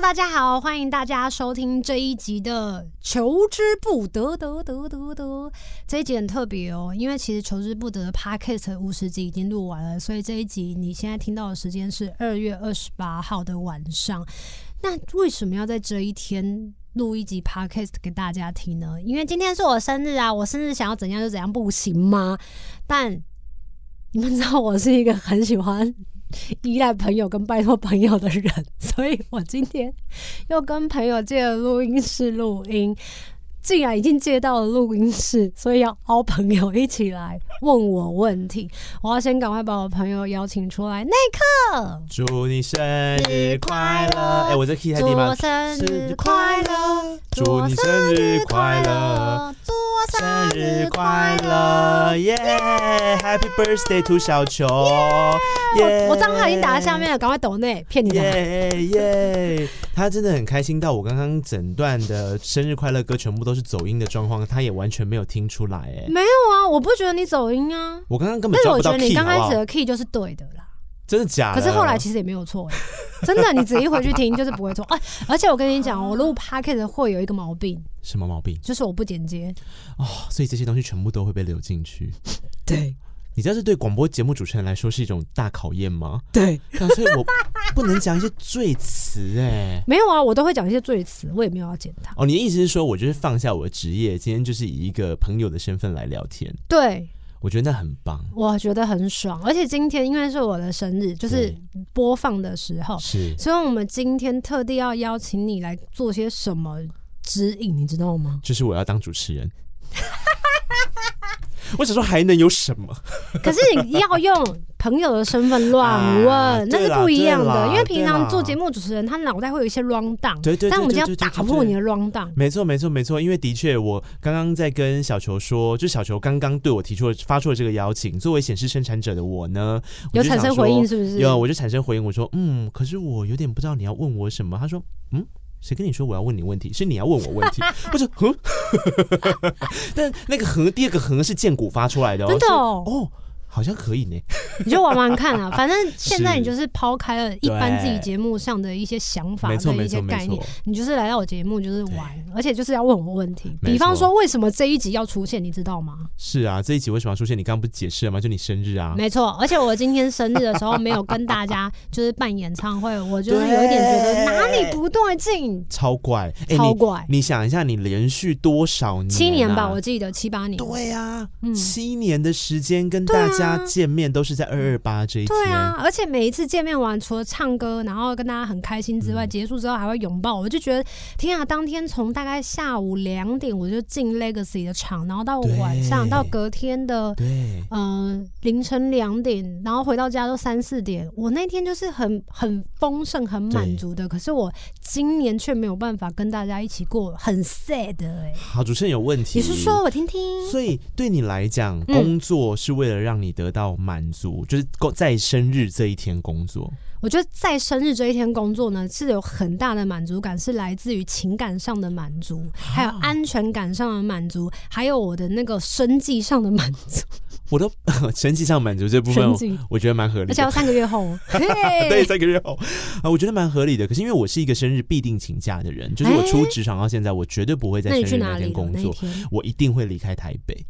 大家好，歡迎大家收聽這一集的《球之不得》，得得得得得，這一集很特別哦，因為其實《球之不得》的 podcast 五十集已經錄完了，所以這一集你現在聽到的時間是二月二十八號的晚上。那為什麼要在這一天錄一集 podcast 給大家聽呢？因為今天是我生日啊，我生日想要怎樣就怎樣，不行嗎？但你們知道我是一個很喜歡依賴朋友跟拜託朋友的人，所以我今天又跟朋友借了錄音室錄音。竟然已經借到了錄音室，所以要凹朋友一起來問我問題。我要先趕快把我朋友邀請出來。那一刻，祝你生日快樂！哎，我這 key 還低嗎？祝生日快樂！祝你生日快樂！祝我生日快樂！耶，yeah，Happy birthday to 小球！Yeah, yeah, 我我賬號已經打在下面了，趕快抖內騙你的。耶耶！他真的很開心到我剛剛整段的生日快樂歌全部都。都是走音的狀況，他也完全沒有聽出來、欸，哎，沒有啊，我不覺得你走音啊，我剛剛根本抓不到 key, 但是我覺得你剛開始的 key 就是對的啦，真的假的。可是後來其實也沒有錯、欸， 真的，你仔細回去聽就是不會錯。哎、啊，而且我跟你講，啊、我錄 podcast 會有一個毛病，什麼毛病？就是我不剪接啊、哦，所以這些東西全部都會被留進去，對。你知道這對廣播節目主持人來說是一種大考驗嗎？對、 啊，所以我不能講一些罪詞哎、欸。沒有啊，我都會講一些罪詞，我也沒有要剪他哦，你的意思是說我就是放下我的職業，今天就是以一個朋友的身份來聊天？對，我覺得那很棒，我覺得很爽。而且今天因為是我的生日，就是播放的時候，是對，所以我們今天特地要邀請你來做些什麼指引，你知道嗎？就是我要當主持人。 我想說還能有什麼？可是你要用朋友的身份亂問， 啊、那是不一樣的。啦因為平常做節目主持人，他腦袋會有一些亂盪，但我們就要打破你的亂盪。沒錯，沒錯，沒錯，因為的確我剛剛在跟小球說，就小球剛剛對我提出了發出了這個邀請。作為顯示生產者的我呢，有產生回應是不是？有、啊，我就產生回應，我說嗯，可是我有點不知道你要問我什麼。他說嗯。誰跟你說我要問你問題？是你要問我問題，不是？ 嗯， 但那個“哼”，第二個“哼”是建骨發出來的哦。真的哦。好像可以呢，你就玩玩看啊。反正現在你就是拋開了一般自己節目上的一些想法跟一些概念，你就是來到我節目就是玩，對而且就是要問我問題。錯比方說，為什麼這一集要出現，你知道嗎？是啊，這一集為什麼出現？你剛剛不解釋了嗎？就你生日啊。沒錯，而且我今天生日的時候沒有跟大家就是辦演唱會， 對我就是有一點覺得哪裡不對勁，超怪，欸、超怪你。你想一下，你連續多少年，啊？七年吧，我記得七八年。對啊，嗯、七年的時間跟大家家見面都是在二二八這一天，嗯，對啊，而且每一次見面完，除了唱歌，然後跟大家很開心之外，結束之後還會擁抱，嗯、我就覺得天啊，當天從大概下午兩點我就進 Legacy 的場，然後到晚上，對到隔天的對呃凌晨兩點，然後回到家都三四點，我那天就是很很豐盛，很滿足的。對可是我今年卻沒有辦法跟大家一起過，很 sad 哎、欸。好，主持人有問題，你是說我聽聽？所以對你來講，嗯、工作是為了讓你。得到滿足，就是在生日這一天工作。我覺得在生日這一天工作呢，是有很大的滿足感，是來自於情感上的滿足，啊、還有安全感上的滿足，還有我的那個生計上的滿足。我的生計上滿足這部分我，生計。我覺得蠻合理的。而且要三個月後， 對三個月後啊，我覺得蠻合理的。可是因為我是一個生日必定請假的人，就是我出職場到現在，我絕對不會在生日那天工作，一我一定會離開台北。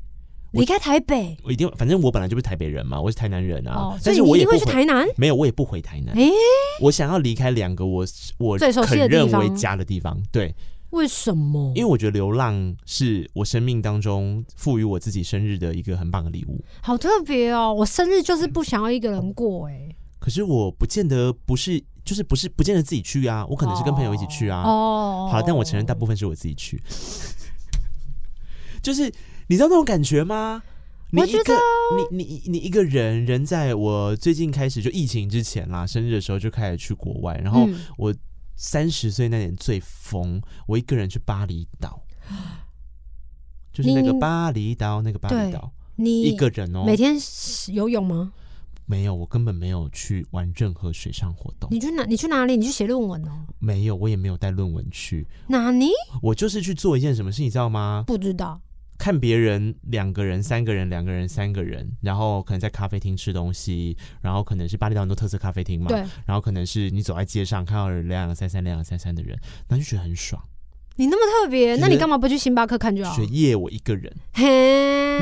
離我開台北，我一定，反正我本來就不是台北人嘛，我是台南人啊，oh, 但是我也不會去台南。沒有，我也不回台南。誒、欸，我想要離開兩個我我最熟認為家的地方。對，為什麼？因為我覺得流浪是我生命當中賦予我自己生日的一個很棒的禮物。好特別哦，我生日就是不想要一個人過誒、欸。可是我不見得不是，就是不是不見得自己去啊，我可能是跟朋友一起去啊。哦，oh, oh. 好，但我承認大部分是我自己去， 就是。你知道那種感覺嗎？你一個，我覺得，哦、你你，你，你一個人人，在我最近開始就疫情之前啦，生日的時候就開始去國外。然後我三十歲那年最瘋，我一個人去巴厘島，嗯、就是那個巴厘島，你那個巴厘島。你個對一個人哦、喔？每天游泳嗎？沒有，我根本沒有去玩任何水上活動。你去哪？你去哪裡？你去寫論文哦、喔？沒有，我也沒有帶論文去。哪裡？我就是去做一件什麼事，你知道嗎？不知道。看別人兩個人、三個人、兩個人、三個人，然後可能在咖啡廳吃東西，然後可能是巴厘島很多特色咖啡廳嘛，對然後可能是你走在街上看到人兩兩三三、兩兩三三的人，那就覺得很爽。你那麼特別，能那你幹嘛不去星巴克看就好了？夜我一個人？嘿，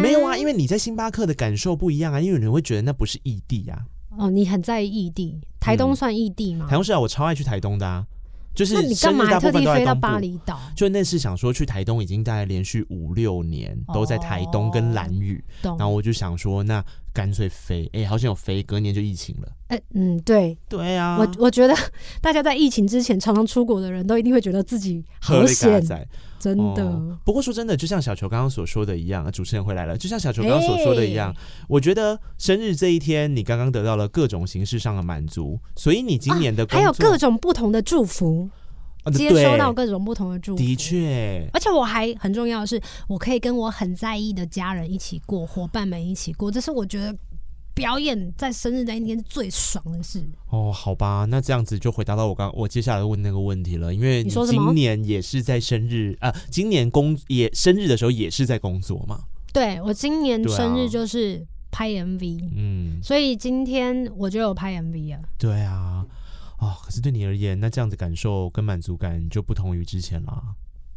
沒有啊，因為你在星巴克的感受不一樣啊，因為你會覺得那不是異地呀、啊。哦，你很在意異地，台東算異地嗎？嗯、台東是啊，我超愛去台東的啊。就是生日大部分都在東部，那你幹嘛特地飛到巴厘島？就那次想說去台東，已經大概連續五六年都在台東跟蘭嶼，哦、然後我就想說那。乾脆飛，哎、欸，好像有飛，隔年就疫情了。哎、欸，嗯，對，對啊。我我覺得大家在疫情之前常常出國的人都一定會覺得自己好險，在真的、哦。不過說真的，就像小球剛剛所說的一樣，主持人回來了，就像小球剛剛所說的一樣，欸、我覺得生日這一天你剛剛得到了各種形式上的滿足，所以你今年的、啊、還有各種不同的祝福。接收到各種不同的祝福，的確，而且我還很重要的是，我可以跟我很在意的家人一起過，夥伴們一起過，這是我覺得表演在生日那一天最爽的事。哦，好吧，那這樣子就回答到我剛我接下來問那個問題了，因為你說什麼？今年也是在生日啊？今年工也生日的時候也是在工作嘛？對，我今年生日就是拍 MV，嗯、啊，所以今天我就有拍 MV 啊。對啊。哦，可是對你而言，那這樣的感受跟滿足感就不同於之前啦。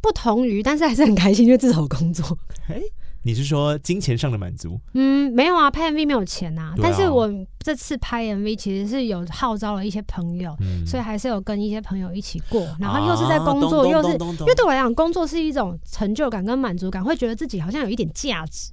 不同於，但是還是很開心，因為至少工作。哎、欸，你是說金錢上的滿足？嗯，沒有啊，拍 MV 沒有錢啊。啊但是我這次拍 MV 其實是有號召了一些朋友，嗯、所以還是有跟一些朋友一起過。然後又是在工作，啊、又是因為對我來講，工作是一種成就感跟滿足感，會覺得自己好像有一點價值。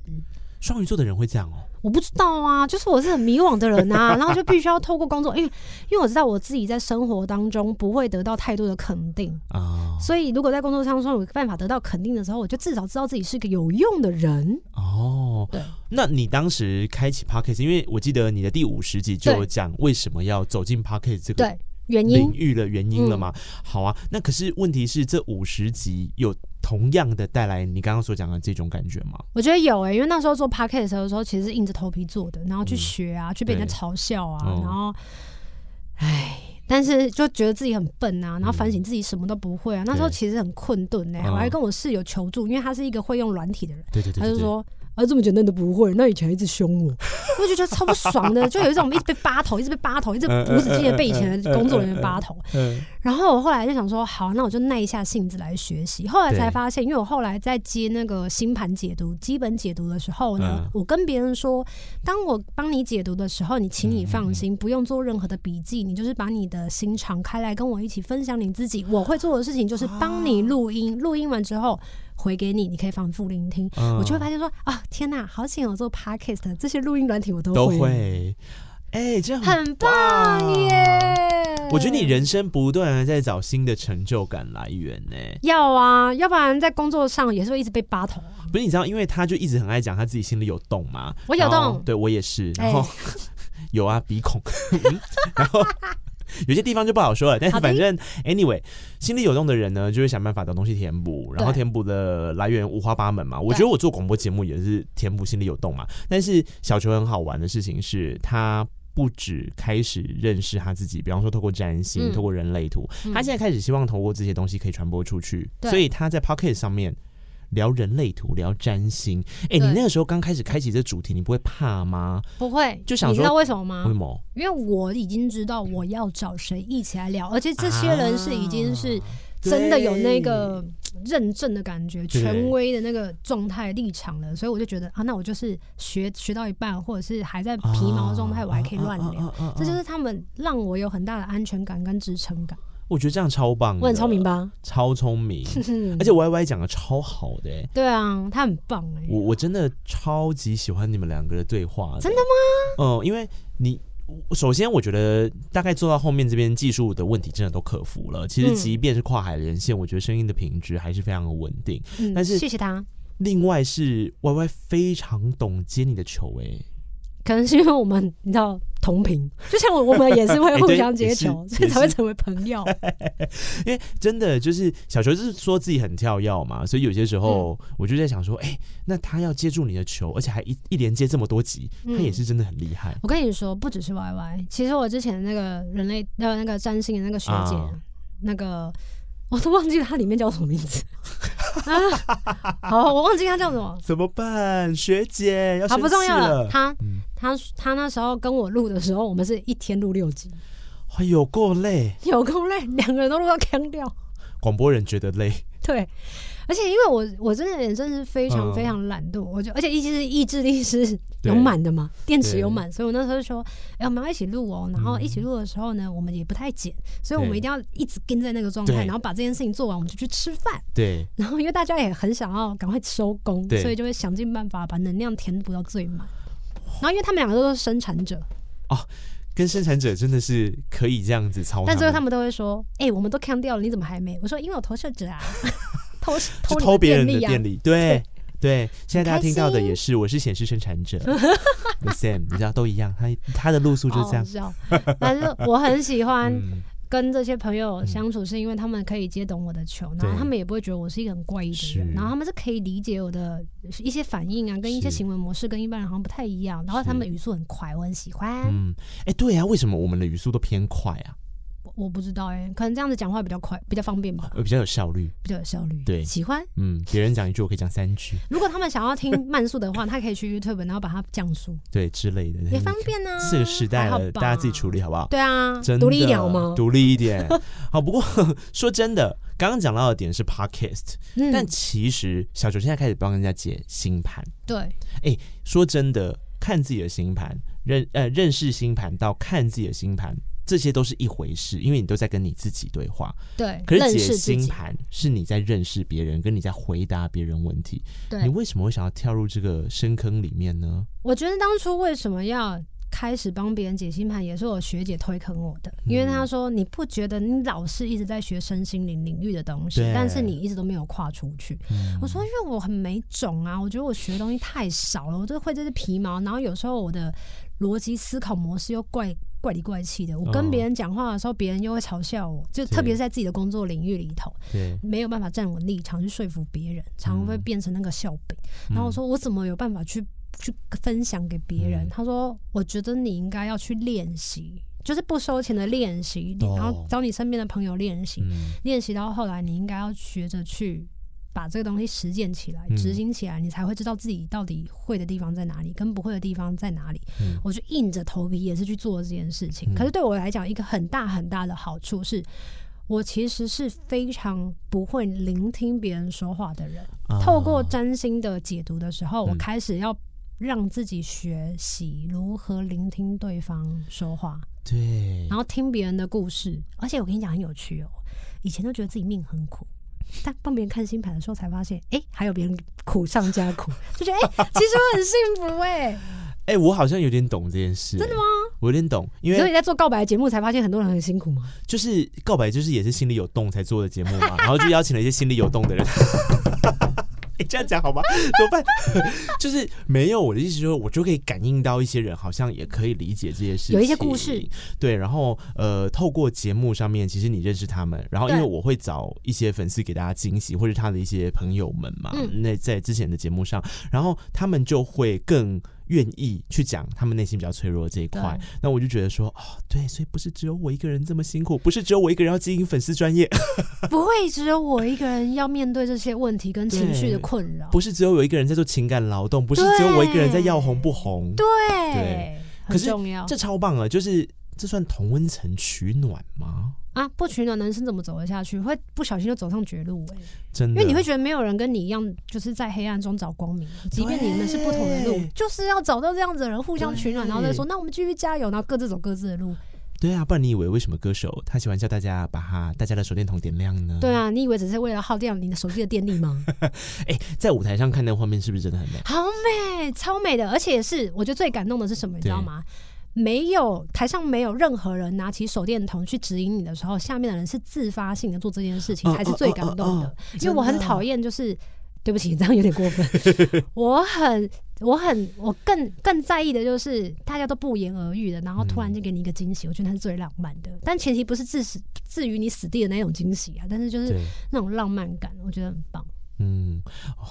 雙魚座的人會這樣哦、喔，我不知道啊，就是我是很迷惘的人吶、啊， 然後就必須要透過工作，因為因為我知道我自己在生活當中不會得到太多的肯定啊，哦、所以如果在工作上說我有辦法得到肯定的時候，我就至少知道自己是個有用的人哦。對，那你當時開啟 Podcast，因為我記得你的第五十集就有講為什麼要走進 Podcast 這個對領域的原因了嘛。嗯、好啊，那可是問題是這五十集有。同樣的帶來你剛剛所講的這種感覺嗎？我覺得有誒、欸，因為那時候做 podcast 的時候，其實是硬着頭皮做的，然後去學啊，嗯、去被人家嘲笑啊，嗯、然後，唉，但是就覺得自己很笨啊，然後反省自己什麼都不會啊，嗯、那時候其實很困頓呢、欸。我對還跟我室友求助，嗯、因為他是一個會用軟體的人，對對，對對對，他就說。啊，這麼簡單都不會？那以前一直凶我，我就覺得超不爽的， 就有一種一直被扒頭，一直被扒頭，一直不只今天被以前的工作人員扒頭。嗯嗯嗯嗯嗯、然後我後來就想說，好，那我就耐一下性子來學習。後來才發現，對因為我後來在接那個星盤解讀、基本解讀的時候呢、嗯，我跟別人說，當我幫你解讀的時候，你請你放心，嗯、不用做任何的筆記，你就是把你的心敞開來跟我一起分享你自己。啊、我會做的事情就是幫你錄音，啊、錄音完之後。回給你，你可以反復聆聽，嗯、我就會發現說，啊、哦，天哪，好險我做 podcast，這些錄音軟體我都會、都會，哎、欸，這樣很棒，很棒耶！我覺得你人生不斷的在找新的成就感來源呢。要啊，要不然在工作上也是會一直被扒頭。不是，你知道，因為他就一直很愛講他自己心裡有洞嗎？我有洞，對我也是，然後、欸、 有啊，鼻孔， 然後。 有些地方就不好說了，但是反正聽 anyway，心裡有洞的人呢，就會想辦法找東西填補，然後填補的來源五花八門嘛。對我覺得我做廣播節目也是填補心裡有洞嘛。但是小球很好玩的事情是，他不止開始認識他自己，比方說透過占星，心、嗯，透過人類圖，他現在開始希望透過這些東西可以傳播出去，對所以他在 pocket 上面。聊人類圖，聊占星。哎、欸，對你那個時候剛開始開啟這主題，你不會怕嗎？不會，就想。你知道為什麼嗎？為什麼？因為我已經知道我要找誰一起來聊，嗯、而且這些人是已經是真的有那個認證的感覺、啊、權威的那個狀態對立場了，所以我就覺得啊，那我就是學學到一半，或者是還在皮毛狀態，啊、我還可以亂聊。啊啊啊啊、這就是他們讓我有很大的安全感跟支撐感。我覺得這樣超棒的，我很聰明吧？超聰明， 而且 Y Y 講的超好的，欸，對啊，他很棒哎、欸。我我真的超級喜歡你們兩個的對話的，真的嗎？嗯，因為你首先我覺得大概做到後面這邊技術的問題真的都克服了。其實即便是跨海連線，嗯、我覺得聲音的品質還是非常的穩定。嗯、但是謝謝他。另外是 Y Y 非常懂接你的球哎、欸。可能是因為我們你知道同頻，就像我我們也是會互相接球，所以才會成為朋友。哎，因為真的就是小球就是說自己很跳躍嘛，所以有些時候我就在想說，哎、嗯欸，那他要接住你的球，而且還一一連接這麼多集，他也是真的很厲害、嗯。我跟你說，不只是 Y Y，其實我之前那個人類的那個占星的那個學姐，啊、那個。我都忘記了它裡面叫什麼名字。 啊、好，我忘記它叫什麼，怎麼辦，學姐好不重要了，他、嗯、他他、他那時候跟我錄的時候，我們是一天錄六集，哦、有夠累，有夠累，兩個人都錄到坑掉。廣播人覺得累，對。而且因為我我真的也真的是非常非常懶惰，我就而且一直意志力是有滿的嘛，電池有滿，所以我那時候就說，哎，我們要一起錄哦。然後一起錄的時候呢，我們也不太剪，所以我們一定要一直跟在那個狀態，然後把這件事情做完，我們就去吃飯。對。然後因為大家也很想要趕快收工，所以就會想盡辦法把能量填補到最滿。然後因為他們兩個都是生產者，哦，跟生產者真的是可以這樣子操作。但最後他們都會說，哎，我們都 count 掉了，你怎麼還沒？我說因為我投射者啊。偷別、啊、人的電力，對對,對,對，現在大家聽到的也是，我是顯示生產者 t s, a m 你知道都一樣，他他的路數就是這樣、oh,。但是我很喜歡跟這些朋友相處，是因為他們可以接懂我的球，嗯、然後他們也不會覺得我是一個很怪異的人，對然後他們是可以理解我的一些反應啊，是跟一些行為模式跟一般人好像不太一樣，然後他們語速很快，我很喜歡。嗯，哎、欸，對啊，為什麼我們的語速都偏快啊？我不知道哎，可能這樣子講話比較快，比較方便吧，呃，比較有效率，比較有效率，對，喜歡，嗯，別人講一句，我可以講三句。如果他們想要聽慢速的話，他可以去 YouTube，然後把它降速，對之類的，也方便啊。這個時代的，大家自己處理好不好？對啊，真的獨立一點好嗎，獨立一點，好。不過說真的，剛剛講到的點是 Podcast，但其實小球現在開始幫人家解星盤。對，哎，說真的，看自己的星盤，認呃認識星盤到看自己的星盤。這些都是一回事，因為你都在跟你自己對話。對，可是解星盤是你在認識別人，跟你在回答別人問題。對，你為什麼會想要跳入這個深坑裡面呢？我覺得當初為什麼要開始幫別人解星盤，也是我學姐推坑我的，嗯、因為她說你不覺得你老是一直在學身心靈領域的東西，對但是你一直都沒有跨出去。嗯、我說因為我很沒種啊，我覺得我學的東西太少了，我會就會這些皮毛，然後有時候我的邏輯思考模式又怪。怪裡怪氣的，我跟別人講話的時候，哦、別人又會嘲笑我，就特別是在自己的工作領域裡頭，是沒有辦法站穩立場去說服別人，嗯、常會變成那個笑柄。嗯、然後我說我怎麼有辦法去去分享給別人？嗯、他說我覺得你應該要去練習，就是不收錢的練習，哦、然後找你身邊的朋友練習，嗯、練習到後來你應該要學着去。把這個東西實踐起來，執、嗯、行起來，你才會知道自己到底會的地方在哪裡，跟不會的地方在哪裡。嗯、我就硬着頭皮也是去做這件事情。嗯、可是對我來講，一個很大很大的好處是，我其實是非常不會聆聽別人說話的人。哦、透過占星的解讀的時候，嗯、我開始要讓自己學習如何聆聽對方說話。對，然後聽別人的故事，而且我跟你講很有趣哦，以前都覺得自己命很苦。在幫別人看星盤的時候，才發現，哎、欸，還有別人苦上加苦，就覺得，哎、欸，其實我很幸福、欸，哎，哎，我好像有點懂這件事、欸，真的嗎？我有點懂，因為所以你，你在做告白的節目，才發現很多人很辛苦嗎？就是告白，就是也是心裡有洞才做的節目嘛，然後就邀請了一些心裡有洞的人。 你這樣講好嗎？怎麼辦？就是沒有我的意思，說我就可以感應到一些人，好像也可以理解這些事情。有一些故事，對，然後呃，透過節目上面，其實你認識他們，然後因為我會找一些粉絲給大家驚喜，或是他的一些朋友們嘛。那在之前的節目上，然後他們就會更。願意去講他們內心比較脆弱的這一塊，對那我就覺得說，哦，對，所以不是只有我一個人這麼辛苦，不是只有我一個人要經營粉絲專業，呵呵不會只有我一個人要面對這些問題跟情緒的困擾，不是只有我一個人在做情感勞動，不是只有我一個人在要紅不紅，對，對，很重要，對，可是這超棒啊，就是這算同溫層取暖嗎？啊！不取暖，人生怎麼走得下去？會不小心就走上絕路哎、欸！真的，因為你會覺得沒有人跟你一樣，就是在黑暗中找光明。即便你們是不同的路，對就是要找到這樣子的人，互相取暖，對然後再說，那我們繼續加油，然後各自走各自的路。對啊，不然你以為為什麼歌手他喜歡叫大家把他大家的手電筒點亮呢？對啊，你以為只是為了耗掉你的手機的電力嗎、 欸？在舞台上看那畫面是不是真的很美？好美，超美的！而且也是，我覺得最感動的是什麼，你知道嗎？沒有台上沒有任何人拿起手電筒去指引你的時候，下面的人是自發性的做這件事情、哦、才是最感動的。哦哦哦、因為我很討厭就是，的對不起，這樣有點過分。 我很我很我更更在意的就是大家都不言而喻的，然後突然間給你一個驚喜，嗯、我覺得那是最浪漫的。但前提不是致死、置於你死地的那種驚喜啊，但是就是那種浪漫感，我覺得很棒。嗯，哦，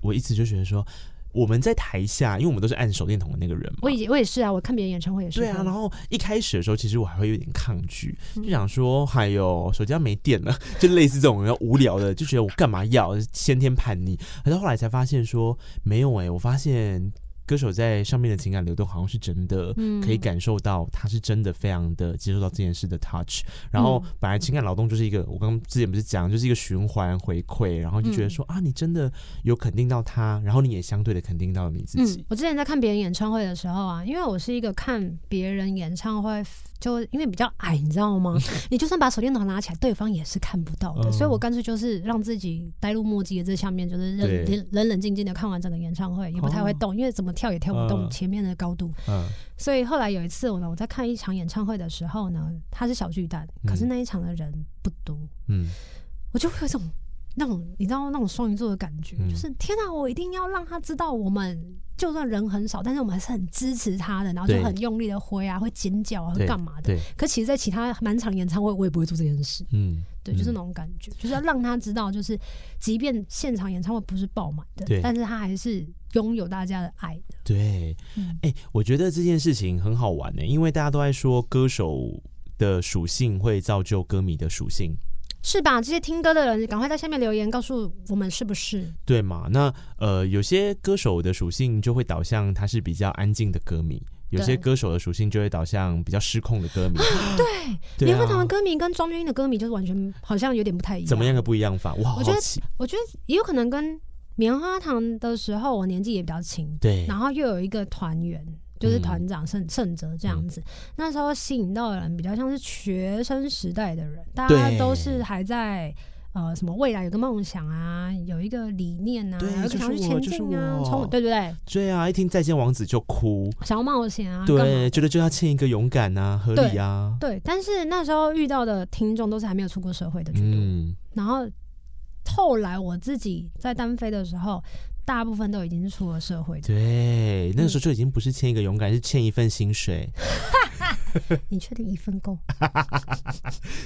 我一直就覺得說。我們在台下，因為我們都是按手電筒的那個人嘛。我我也是啊，我看別人演唱會也是。對啊，然後一開始的時候，其實我還會有點抗拒，就想說：“還、哎、有手機要沒電了，就類似這種要無聊的，就覺得我幹嘛要？先天叛逆。”可是後來才發現說，沒有誒、欸，我發現。歌手在上面的情感流動好像是真的，可以感受到他是真的非常的接受到這件事的 touch，嗯。然後本來情感勞動就是一個，我剛之前不是講，就是一個循環回饋，然後就覺得說、嗯、啊，你真的有肯定到他，然後你也相對的肯定到你自己，嗯。我之前在看別人演唱會的時候啊，因為我是一個看別人演唱會，就因為比較矮，你知道嗎？ 你就算把手電筒拿起來，對方也是看不到的。Oh. 所以我乾脆就是讓自己呆入墨鏡的這下面，就是人對人冷冷冷靜靜的看完整個演唱會，也不太會動，oh. 因為怎麼跳也跳不動、uh. 前面的高度。Uh. 所以後來有一次我呢，我我在看一場演唱會的時候呢，他是小巨蛋，可是那一場的人不多。嗯，我就會有這種那種你知道那種雙魚座的感覺，嗯、就是天哪、啊！我一定要讓他知道，我們就算人很少，但是我們還是很支持他的，然後就很用力的揮啊，對會尖叫啊，對會幹嘛的？對可其實，在其他滿場演唱會，我也不會做這件事。嗯，對，就是那種感覺，嗯、就是要讓他知道，就是即便現場演唱會不是爆滿的，對但是他還是擁有大家的愛的。對，哎、嗯欸，我覺得這件事情很好玩呢，因為大家都在說歌手的屬性會造就歌迷的屬性。是吧？這些聽歌的人，趕快在下面留言告訴我們是不是？對嘛？那呃，有些歌手的屬性就會導向他是比較安靜的歌迷，對有些歌手的屬性就會導向比較失控的歌迷。啊、對，棉、啊、花糖的歌迷跟莊鵑瑛的歌迷就是完全好像有點不太一樣。怎麼樣個不一樣法？我好好奇，我覺得。我覺得也有可能跟棉花糖的時候，我年紀也比較輕，對，然後又有一個團員。就是團長聖盛澤這樣子，嗯、那時候吸引到的人比較像是學生時代的人，大家都是還在對呃什麼未來有個夢想啊，有一個理念啊，對有個想要去前進啊，衝，對不對，對？對啊，一聽《再見王子》就哭，想要冒險啊，對，嘛覺得就要欠一個勇敢啊，合理啊，對，對。但是那時候遇到的聽眾都是還沒有出過社會的居多、嗯、然後後來我自己在單飛的時候。大部分都已經是出了社會的，對，那個時候就已經不是簽一個勇敢，嗯、是簽一份薪水。 你確定一份夠？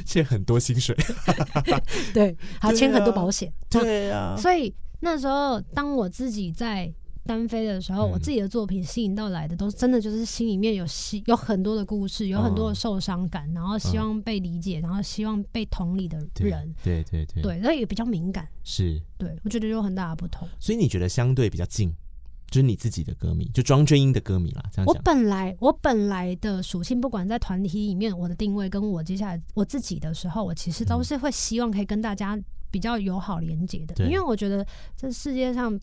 簽 很多薪水。 對，好，還簽、啊、很多保險。對啊，就對啊，所以那時候當我自己在。單飛的時候，我自己的作品吸引到來的，都是真的就是心裡面有希、嗯、有很多的故事，有很多的受傷感，嗯、然後希望被理解，嗯、然後希望被同理的人，對對對，那也比較敏感，是對，我覺得有很大的不同。所以你覺得相對比較近，就是你自己的歌迷，就莊鵑瑛的歌迷啦。我本來我本來的屬性，不管在團體裡面，我的定位跟我接下來我自己的時候，我其實都是會希望可以跟大家比較友好連接的，嗯、對因為我覺得這世界上。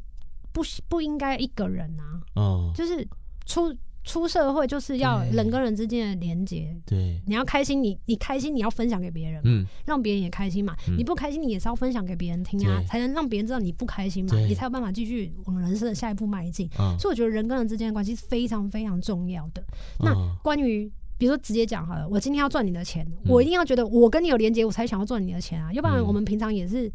不不應該一個人啊，哦，就是出出社會就是要人跟人之間的連接，對，你要開心，你你開心你要分享給別人，嗯，讓別人也開心嘛，你不開心你也是要分享給別人聽啊，才能讓別人知道你不開心嘛，你才有辦法繼續往人生的下一步邁進。所以我覺得人跟人之間的關係是非常非常重要的。那關於比如說直接講好了，我今天要賺你的錢，我一定要覺得我跟你有連接，我才想要賺你的錢啊，要不然我們平常也是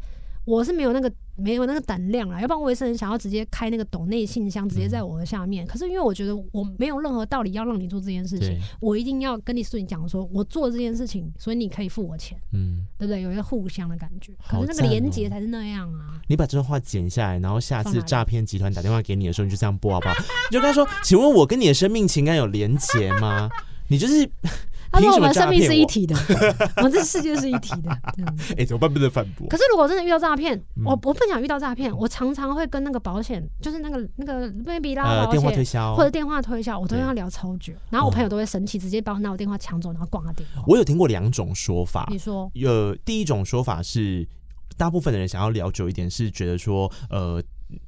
我是沒有那個。沒有那個膽量了，要不然我也是很想要直接開那個抖內信箱，直接在我的下面。嗯、可是因為我覺得我沒有任何道理要讓你做這件事情，對我一定要跟你說你講說，說我做這件事情，所以你可以付我錢，嗯，對不對？有一個互相的感覺。哦、可是那個連結才是那樣啊！你把這段話剪下來，然後下次詐騙集團打電話給你的時候，你就這樣播好不好？ 你就跟他說：“請問我跟你的生命情感有連結嗎？” 你就是。他說：“我們生命是一體的，我， 我們這世界是一體的。”哎、欸，怎麼辦？不能反駁。可是如果真的遇到詐騙，嗯、我我不想遇到詐騙。嗯、我常常會跟那個保險，就是那個那個瑞比拉保險，呃、或者電話推銷，對我都要聊超久。然後我朋友都會生氣，直接把我拿我電話搶走，然後掛掉、嗯。我有聽過兩種說法，你說有、呃、第一種說法是，大部分的人想要聊久一點，是覺得說呃。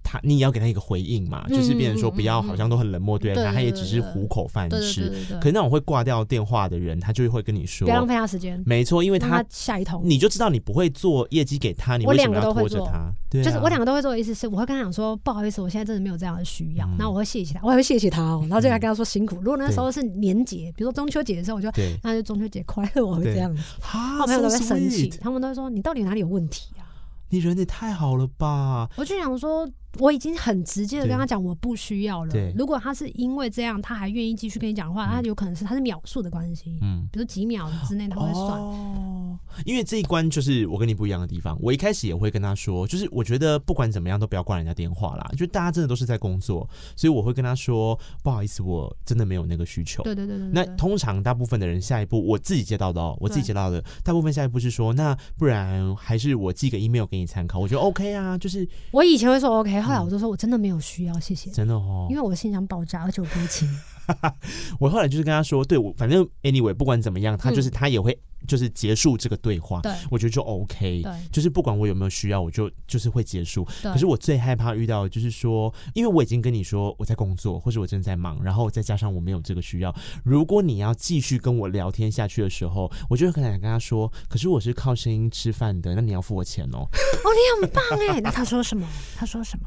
他，你也要給他一個回應嘛，就是變成說不要，好像都很冷漠對待他，他也只是糊口飯吃。可是那種會掛掉電話的人，他就會跟你說不要浪費他時間，沒錯，因為他下一通你就知道你不會做業績給他，你為什麼要拖着他？我兩個都會做他，就是我兩個都會做的意思是我會跟他講說不好意思，我現在真的沒有這樣的需要，那我會謝謝他，我還會謝謝他、喔，然後就要跟他說辛苦。如果那時候是年節，比如說中秋節的時候，我就那就中秋節快樂，我會這樣子，他朋友都在生氣，他們都會說你到底哪裡有問題啊？你人也太好了吧！我就想說。我已經很直接的跟他講，我不需要了。對如果他是因為這樣，他還願意繼續跟你講的話，對他有可能是他是秒數的關係，嗯，比如說幾秒之內他會算。哦，因為這一關就是我跟你不一樣的地方。我一開始也會跟他說，就是我覺得不管怎麼樣都不要掛人家電話啦，就大家真的都是在工作，所以我會跟他說不好意思，我真的沒有那個需求。對對對，對對對對。那通常大部分的人下一步，我自己接到的哦、喔，對我自己接到的大部分下一步是說，那不然還是我寄個 email 給你參考，我覺得 OK 啊，就是我以前會說 OK。後來我就說，我真的沒有需要，謝謝。真的哦，因為我心想爆炸，而且我悲情。 哈哈， 我後來就是跟他說，對，我反正 anyway 不管怎麼樣，他就是、嗯、他也會就是結束這個對話，對，我覺得就 OK，對，就是不管我有沒有需要，我就就是會結束。對可是我最害怕遇到的就是說，因為我已經跟你說我在工作，或者我正在忙，然後再加上我沒有這個需要。如果你要繼續跟我聊天下去的時候，我就會很想跟他說，可是我是靠聲音吃飯的，那你要付我錢哦。 哦，你很棒哎， 那他說什麼？他說什麼？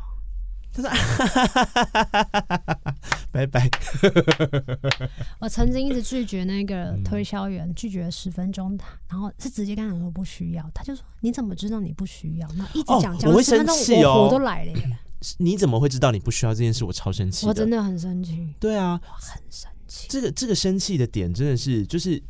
哈哈哈哈哈！拜拜。我曾經一直拒絕那個推銷員，嗯、拒絕了十分鐘，他然後是直接跟他說不需要，他就說，你怎麼知道你不需要？那一直講講講，我都生氣、哦、我都來了。你怎麼會知道你不需要這件事？我超生氣，我真的很生氣。對啊，我很生氣、這個。這個這個生氣的點真的是就是。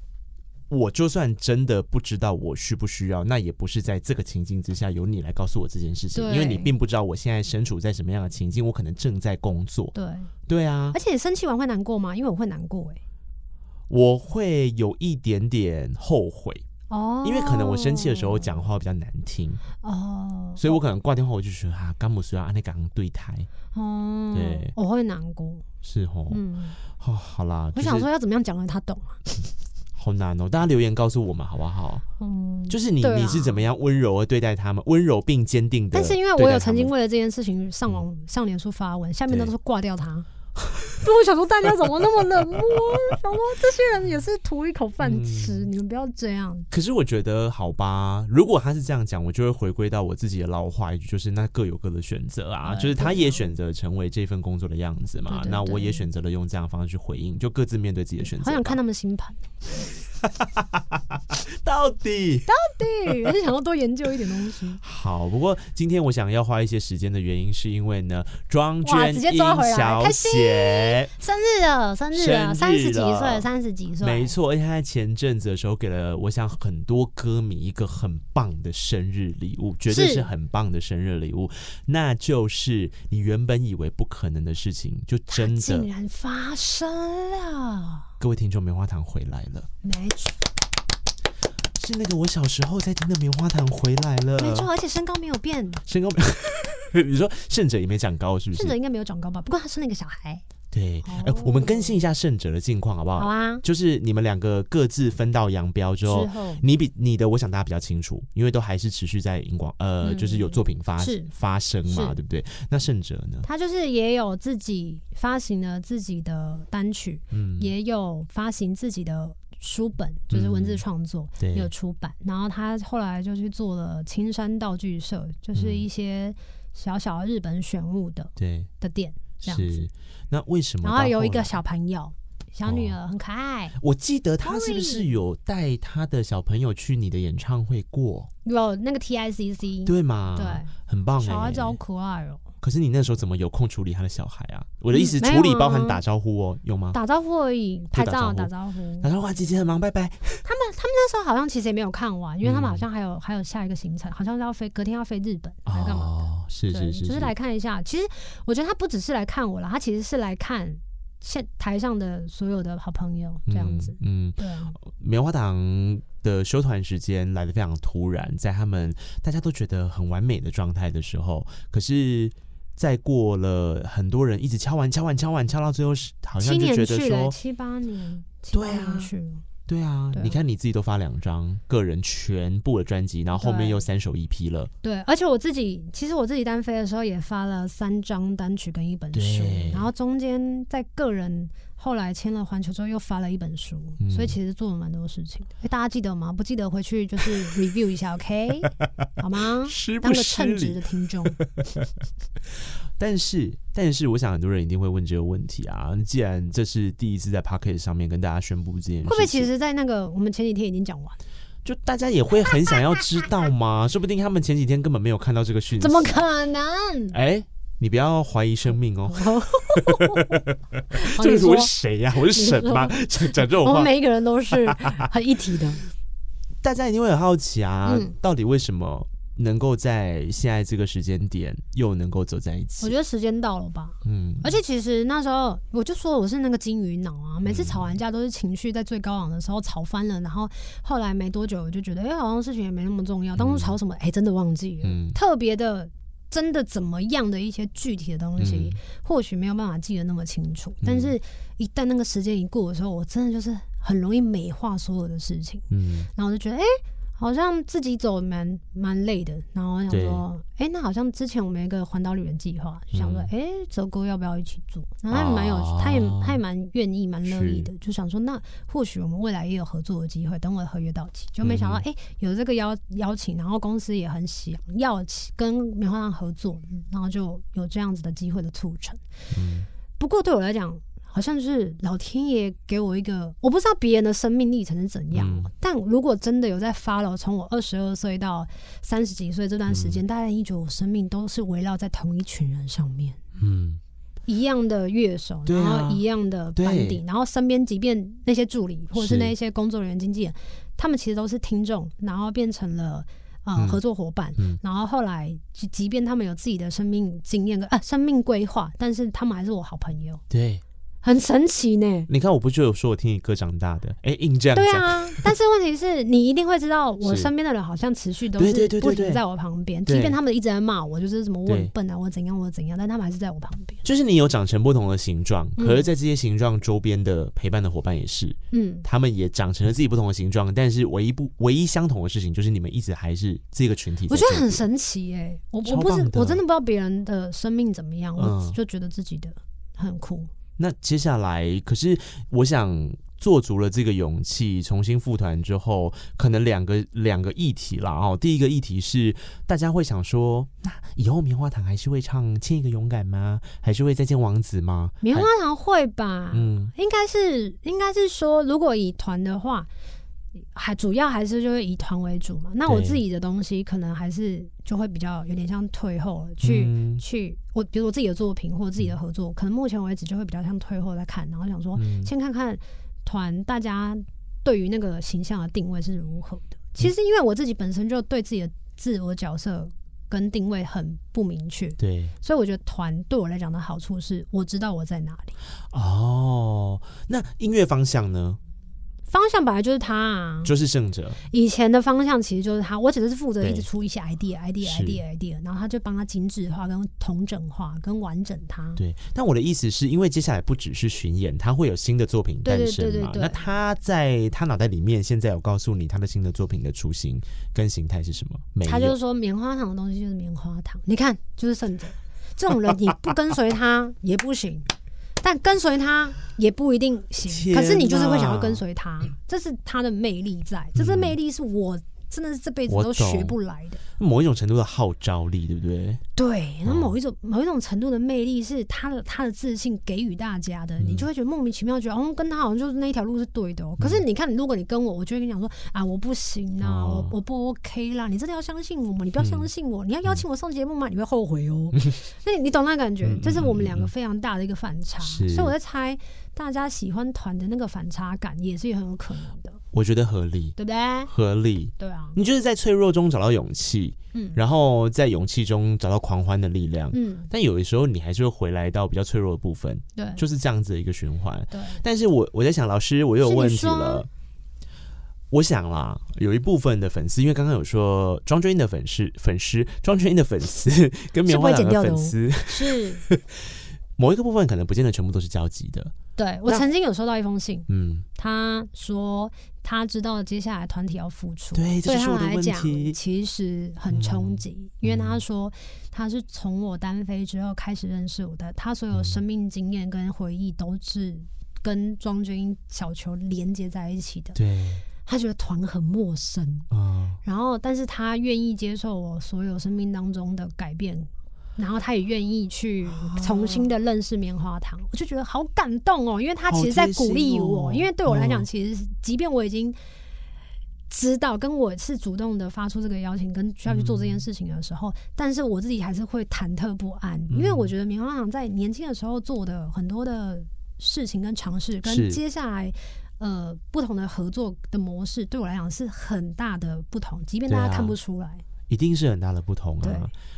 我就算真的不知道我需不需要，那也不是在這個情境之下由你來告訴我這件事情，對因為你並不知道我現在身處在什麼樣的情境，我可能正在工作。對，對啊。而且你生氣完會難過嗎？因為我會難過誒。我會有一點點後悔哦，oh，因為可能我生氣的時候講話比較難聽哦，oh，所以我可能掛電話我就說哈，干姆雖要阿內剛對台哦，對，啊，我會難過，是哦，嗯哦好，好啦，我想說要怎麼樣講得他懂啊。 好難哦！大家留言告訴我們好不好？嗯，就是你、啊、你是怎麼樣溫柔而對待他們，溫柔並堅定的。但是因為我有曾經為了這件事情上網上臉書發文，嗯、下面都是掛掉他。那我想說，大家怎麼那麼冷漠？想說這些人也是圖一口飯吃，嗯、你們不要這樣。可是我覺得，好吧，如果他是這樣講，我就會回歸到我自己的老話一句，就是那各有各的選擇啊，對就是他也選擇成為這份工作的樣子嘛，對對對。那我也選擇了用這樣的方式去回應，就各自面對自己的選擇。好想看他們星盤。 到底 到底還是想要多研究一點東西。 好，不過今天我想要花一些時間的原因，是因為呢，莊鵑瑛小姐，直接抓回來，開心！生日了，生日了，三十幾歲，三十幾歲，沒錯。而且他前陣子的時候給了我想很多歌迷一個很棒的生日禮物，絕對是很棒的生日禮物，是那就是你原本以為不可能的事情，就真的竟然發生了。各位聽眾，棉花糖回來了，沒錯，是那個我小時候在聽的棉花糖回來了，沒錯，而且身高沒有變，身高沒，沒，你說勝者也沒長高，是不是？勝者應該沒有長高吧，不過他是那個小孩。對，哎，我們更新一下聖哲的近況好不好？好啊，就是你們兩個各自分道揚鑣之後，你比你的，我想大家比較清楚，因為都還是持續在熒光，呃，就是有作品發發生嘛，對不對？那聖哲呢？他就是也有自己發行了自己的單曲，嗯，也有發行自己的書本，就是文字創作也有出版，然後他後來就去做了青山道具社，就是一些小小的日本選物的對的店。是，那為什麼？然後有一個小朋友。小女兒很可愛，我記得她是不是有帶她的小朋友去你的演唱會過？有那個 TICC 對嗎？對，很棒哎，小孩子好可愛哦。可是你那時候怎麼有空處理他的小孩啊？我的意思，處理包含打招呼哦，有嗎？打招呼而已，拍照打招呼，打招呼啊，姐姐很忙，拜拜。他們他們那時候好像其實也沒有看完，因為他們好像還有還有下一個行程，好像是要飛，隔天要飛日本哦，來幹嘛，是是是，就是來看一下。其實我覺得他不只是來看我了，他其實是來看現台上的所有的好朋友這樣子，嗯，嗯對，啊，棉花糖的休團時間來得非常突然，在他們大家都覺得很完美的狀態的時候，可是，在過了很多人一直敲完敲完敲完敲到最後好像就覺得說七，七八年，八年對啊，對啊，對啊，你看你自己都發兩張個人全部的專輯，然後後面又三首 EP 了對。對，而且我自己其實我自己單飛的時候也發了三張單曲跟一本書，對然後中間在個人後來簽了環球之後又發了一本書，嗯、所以其實做了蠻多事情。大家記得嗎？不記得回去就是 review 一下 ，OK 好嗎？識不識當個稱職的聽眾。 但是，但是，我想很多人一定會問這個問題啊！既然這是第一次在 podcast 上面跟大家宣布這件事情，會不會其實在那個我們前幾天已經講完了？就大家也會很想要知道嗎？ 說不定他們前幾天根本沒有看到這個訊息，怎麼可能？哎，你不要懷疑生命哦！就 是我誰呀、啊？我是神嗎？講說講這種話， 我們每一個人都是很一體的。 大家一定會很好奇啊！嗯、到底為什麼？能夠在現在這個時間點又能夠走在一起，我覺得時間到了吧。嗯，而且其實那時候我就說我是那個金魚腦啊，嗯、每次吵完架都是情緒在最高昂的時候吵翻了，然後後來沒多久我就覺得，哎、欸，好像事情也沒那麼重要。當初吵什麼？哎、嗯欸，真的忘記了，嗯、特別的，真的怎麼樣的一些具體的東西，嗯、或許沒有辦法記得那麼清楚。嗯、但是一旦那個時間一過的時候，我真的就是很容易美化所有的事情。嗯，然後我就覺得，哎、欸。好像自己走蠻蠻累的，然後我想說，哎對、欸，那好像之前我們一個環島旅遊計劃，就想說，哎、嗯，澤、欸、哥要不要一起做？然後還、啊、他也蠻有，他也他也蠻願意、蠻樂意的，是就想說，那或許我們未來也有合作的機會。等我的合約到期，就沒想到，哎、嗯欸，有這個邀邀請，然後公司也很想要起跟棉花糖合作，然後就有這樣子的機會的促成。嗯、不過對我來講。好像就是老天爺給我一個，我不知道別人的生命歷程是怎樣。嗯、但如果真的有在 follow，從我二十二歲到三十幾歲這段時間，嗯、大家一直我生命都是圍繞在同一群人上面。嗯，一樣的樂手，嗯、然後一樣的班底，啊、然後身邊即便那些助理或者是那些工作人員、是經紀人，他們其實都是聽眾，然後變成了呃、嗯、合作夥伴。嗯嗯、然後後來即、即便他們有自己的生命經驗跟啊、呃、生命規劃，但是他們還是我好朋友。對。很神奇呢！你看，我不就有說，我聽你歌長大的，哎、欸，硬這樣。對啊，但是問題是你一定會知道，我身邊的人好像持續都是不停在我旁邊。即便他們一直在罵我，就是什麼我笨啊，我怎樣我怎樣，但他們還是在我旁邊。就是你有長成不同的形狀，可是，在這些形狀周邊的陪伴的伙伴也是，嗯，他們也長成了自己不同的形狀，但是唯一不唯一相同的事情，就是你們一直還是這個群體在。我覺得很神奇誒、欸，我我不是我真的不知道別人的生命怎麼樣，我就覺得自己的很酷。嗯那接下來，可是我想做足了這個勇氣，重新復團之後，可能兩個兩個議題了哦、喔。第一個議題是，大家會想說，那以後棉花糖還是會唱《欠一個勇敢》嗎？還是會再見王子嗎？棉花糖會吧，嗯，應該是，應該是說，如果以團的話。還主要還是就是以團為主嘛，那我自己的東西可能還是就會比較有點像退後去、嗯、去，我比如我自己的作品或自己的合作，可能目前為止就會比較像退後再看，然後想說先看看團大家對於那個形象的定位是如何的。其實因為我自己本身就對自己的自我角色跟定位很不明確，對，所以我覺得團對我來講的好處是，我知道我在哪裡。哦，那音樂方向呢？方向本來就是他、啊，就是勝者。以前的方向其實就是他，我只是負責一直出一些 idea，idea，idea，idea，然後他就幫他精緻化、跟統整化、跟完整他。對，但我的意思是因為接下來不只是巡演，他會有新的作品誕生嘛？對對對對，那他在他腦袋裡面，現在有告訴你他的新的作品的雛形跟形態是什麼？他就是說棉花糖的東西就是棉花糖，你看就是聖者，這種人你不跟隨他 也不行。但跟隨他也不一定行，哪可是你就是會想要跟隨他，這是他的魅力在，嗯、這是魅力是我。真的是這輩子都學不來的，某一種程度的號召力，對不對？對，那某一種某一種程度的魅力，是他的他的自信給予大家的，嗯、你就會覺得莫名其妙，覺得哦跟他好像就是那條路是對的、哦。嗯、可是你看，如果你跟我，我就會跟你講說啊，我不行啊，哦、我我不 OK 啦。你真的要相信我嗎？你不要相信我，嗯、你要邀請我上節目嗎？你會後悔哦。嗯、那你，你懂那感覺？嗯、這是我們兩個非常大的一個反差，是所以我在猜，大家喜歡團的那個反差感也是很有可能的。我覺得合理，對不對？合理，對啊。你就是在脆弱中找到勇氣，嗯，然後在勇氣中找到狂歡的力量，嗯。但有的時候你還是會回來到比較脆弱的部分，對，就是這樣子的一個循環。對，但是我我在想，老師我又有問題了。我想啦，有一部分的粉絲，因為剛剛有說莊鵑瑛的粉絲，粉絲莊鵑瑛的粉絲跟棉花糖的粉絲是，的、哦、是。 某一個部分可能不見得全部都是交集的。對，我曾經有收到一封信，嗯，他說他知道接下來團體要付出，對，這是我的問題。他來講其實很衝擊，嗯、因為他說他是從我單飛之後開始認識我的，嗯、他所有生命經驗跟回憶都是跟莊鵑瑛小球連接在一起的。對，他覺得團很陌生啊，嗯、然後但是他願意接受我所有生命當中的改變。然後他也願意去重新的認識棉花糖，我就覺得好感動哦，因為他其實在鼓勵我，因為對我來講，其實即便我已經知道跟我是主動的發出這個邀請跟需要去做這件事情的時候，但是我自己還是會忐忑不安，因為我覺得棉花糖在年輕的時候做的很多的事情跟嘗試，跟接下來呃不同的合作的模式，對我來講是很大的不同，即便大家看不出來。一定是很大的不同啊！對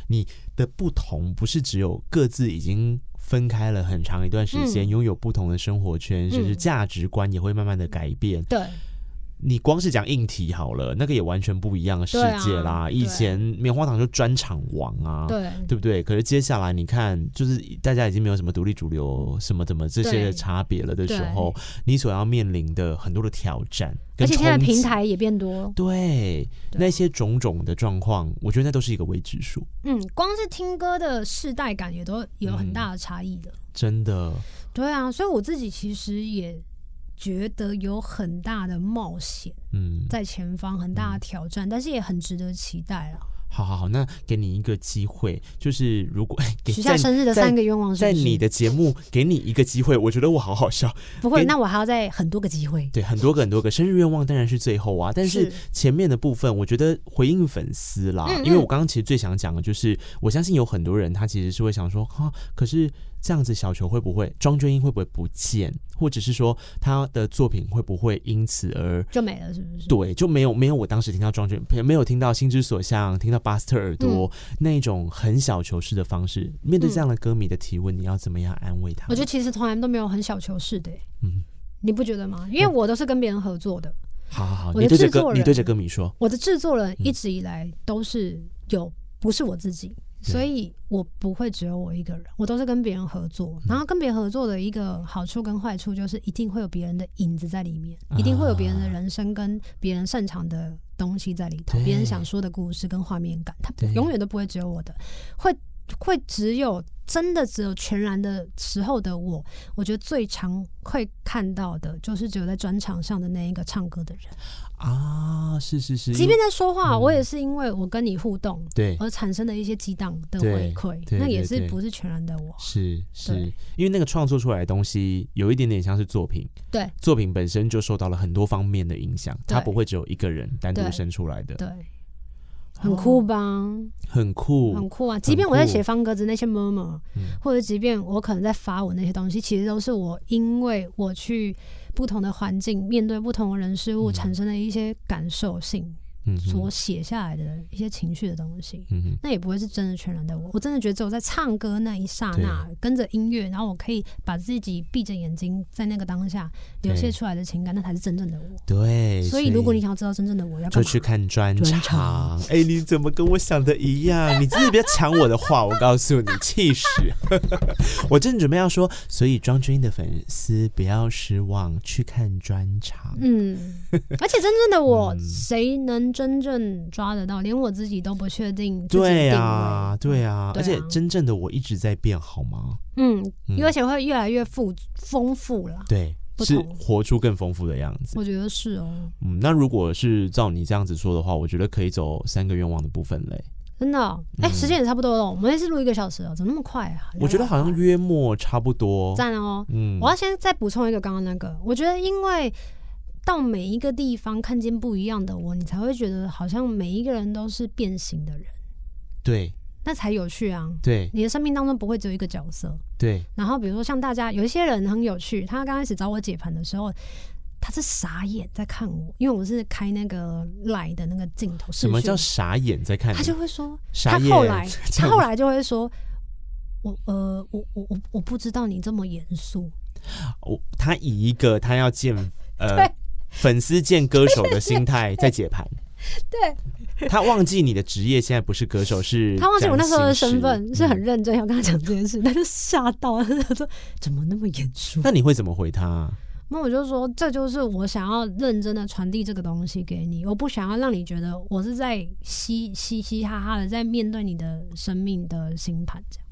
你的不同不是只有各自已經分開了很長一段時間，嗯、擁有不同的生活圈，嗯、甚至價值觀也會慢慢的改變。對。你光是講硬體好了，那個也完全不一樣的世界啦。啊、以前棉花糖就專場王啊，對，對不對？可是接下來你看，就是大家已經沒有什麼獨立、主流什麼什麼這些差別了的時候，你所要面臨的很多的挑戰，而且現在平台也變多，對，對那些種種的狀況，我覺得那都是一個未知數。嗯，光是聽歌的世代感也都有很大的差異的，真的。對啊，所以我自己其實也。覺得有很大的冒險，嗯，在前方、嗯、很大的挑戰，嗯、但是也很值得期待啊。好好好，那給你一個機會，就是如果許下生日的三個願望是是在，在你的節目給你一個機會。我覺得我好好笑。不會，給那我還要再很多個機會，對，很多個很多個生日願望當然是最後啊，但是前面的部分，我覺得回應粉絲啦，嗯嗯因為我剛剛其實最想講的就是，我相信有很多人他其實是會想說，哈、啊，可是。這樣子小球會不會莊鵑瑛，會不會不見，或者是說他的作品會不會因此而就沒了？是不是？對，就沒有沒有。我當時聽到莊鵑，沒有聽到心之所向，聽到巴斯特耳朵、嗯、那種很小球式的方式。面對這樣的歌迷的提問，嗯、你要怎麼樣安慰他？我覺得其實從來都沒有很小球式的、欸，嗯，你不覺得嗎？因為我都是跟別人合作的。嗯、好好好，對着歌，你對着歌迷說，我的製作人一直以來都是有，不是我自己。所以我不會只有我一個人，我都是跟別人合作。然後跟別人合作的一個好處跟壞處，就是一定會有別人的影子在裡面，一定會有別人的人生跟別人擅長的東西在裡頭，別、啊、人想說的故事跟畫面感，他永遠都不會只有我的，會。會只有，真的只有全然的時候的我，我覺得最常會看到的就是只有在專場上的那一個唱歌的人啊，是是是，即便在說話，嗯、我也是因為我跟你互動，對，而產生的一些激盪的回饋，對對對，那也是不是全然的我，是是因為那個創作出來的東西有一點點像是作品，對，作品本身就受到了很多方面的影響，對它不會只有一個人單獨生出來的，對。對很酷吧？Oh, 很酷，很酷啊！即便我在寫方格子那些 murmur，很酷，或者即便我可能在發文那些東西，嗯、其實都是我因為我去不同的環境，面對不同的人事物產生的一些感受性。所寫下來的一些情緒的東西，嗯，那也不會是真的全然的我。我真的覺得只有在唱歌那一剎那，跟着音樂，然後我可以把自己閉着眼睛，在那個當下流瀉出來的情感，那才是真正的我。對，所以如果你想要知道真正的我，要不就去看專場。哎，你怎麼跟我想的一樣？你真的不要搶我的話，我告訴你，氣死！我正準備要說，所以莊君的粉絲不要失望，去看專場。嗯，而且真正的我，誰能？真正抓得到，連我自己都不確定。對啊，對啊，對啊，而且真正的我一直在變，好嗎？嗯，而且、嗯、會越來越富豐富了。對，是活出更豐富的樣子。我覺得是哦、喔。嗯，那如果是照你這樣子說的話，我覺得可以走三個願望的部分嘞。真的，哎、欸，嗯、時間也差不多了。我們也是錄一個小時哦，怎麼那麼快啊？我覺得好像約莫差不多。讚哦、喔。嗯，我要先再補充一個剛剛那個。我覺得因為。到每一個地方看見不一樣的我，你才會覺得好像每一個人都是變形的人，對，那才有趣啊。對，你的生命當中不會只有一個角色。對。然後比如說像大家有一些人很有趣，他剛開始找我解盤的時候，他是傻眼在看我，因為我是開那個賴的那個鏡頭。什麼叫傻眼在看？他就會說，傻眼 他後來他後來就會說我呃我我我我不知道你這麼嚴肅。我他以一個他要見呃。 對粉絲見歌手的心態在解盤對，他忘記你的職業現在不是歌手，是……他忘記我那時候的身份是很認真要跟他講這件事，他、嗯、就嚇到，他說怎麼那麼嚴肅？那你會怎麼回他？那我就說這就是我想要認真的傳遞這個東西給你，我不想要讓你覺得我是在嘻嘻嘻哈哈的在面對你的生命的星盤這樣。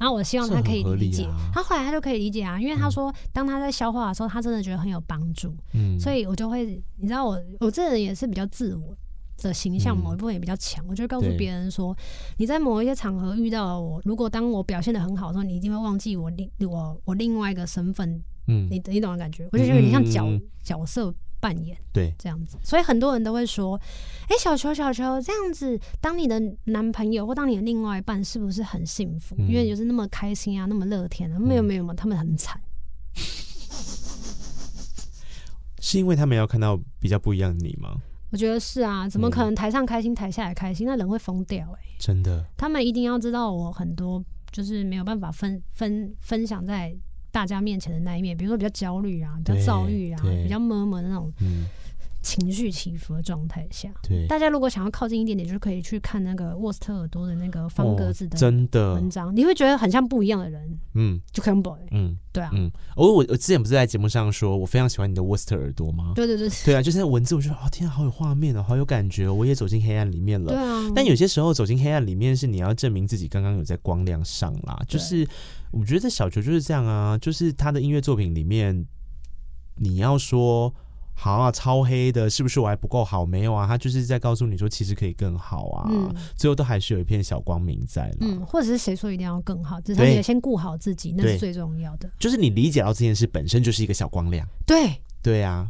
然後我希望他可以理解，理啊、他後來他就可以理解啊，因為他說當他在消化的時候，嗯、他真的覺得很有幫助，嗯、所以我就會你知道我我這個人也是比較自我的形象，嗯、某一部分也比較強，我就告訴別人說對你在某一些場合遇到我，如果當我表現得很好的時候，你一定會忘記我另我我另外一個身份，嗯、你你懂的感覺，我就覺得你像角嗯嗯嗯角色，扮演對，這樣子，所以很多人都會說：“哎、欸，小球小球，這樣子當你的男朋友或當你的另外一半，是不是很幸福？嗯、因為就是那麼開心啊，那麼樂天啊。沒有沒有嘛，他們很慘， 是因為他們要看到比較不一樣的你嗎？我覺得是啊，怎麼可能台上開心，嗯、台下也開心，那人會瘋掉哎、欸！真的，他們一定要知道我很多，就是沒有辦法分分分，分享在大家面前的那一面，比如說比較焦慮啊，比較躁鬱啊，對比較悶悶的那種。嗯情緒起伏的狀態下，對大家如果想要靠近一點點，就可以去看那個沃斯特耳朵的那個方格子的、哦、真的文章，你會覺得很像不一樣的人，嗯，就看不飽，嗯，對啊，嗯，我、哦、我我之前不是在節目上說我非常喜歡你的沃斯特耳朵嗎？對對對，對啊，就是那文字，我覺得哦，天、啊，好有畫面、哦，好有感覺、哦，我也走進黑暗裡面了，對啊，但有些時候走進黑暗裡面是你要證明自己剛剛有在光亮上啦，對就是我覺得在小球就是這樣啊，就是他的音樂作品裡面，你要說。好啊，超黑的，是不是我還不夠好？沒有啊，他就是在告訴你說，其實可以更好啊。嗯、最後都還是有一片小光明在了。嗯，或者是誰說一定要更好，至少你要先顧好自己，對那是最重要的。就是你理解到這件事本身就是一個小光亮。對對啊，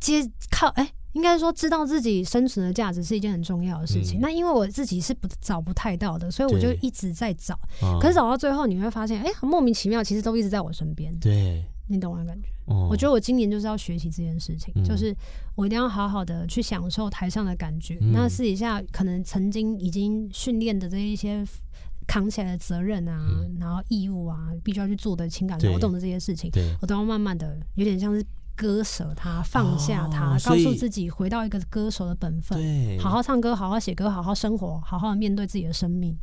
其實靠哎、欸，應該說知道自己生存的價值是一件很重要的事情。嗯、那因為我自己是不找不太到的，所以我就一直在找。對可是找到最後，你會發現，哎、欸，很莫名其妙，其實都一直在我身邊。對。你懂我的感覺，哦、我覺得我今年就是要學習這件事情，嗯、就是我一定要好好的去享受台上的感覺。嗯、那私底下可能曾經已經訓練的這一些扛起來的責任啊，嗯、然後義務啊，必須要去做的情感活動的這些事情，我都要慢慢的有點像是割捨它，放下它，哦、告訴自己回到一個歌手的本分，對好好唱歌，好好寫歌，好好生活，好好面對自己的生命，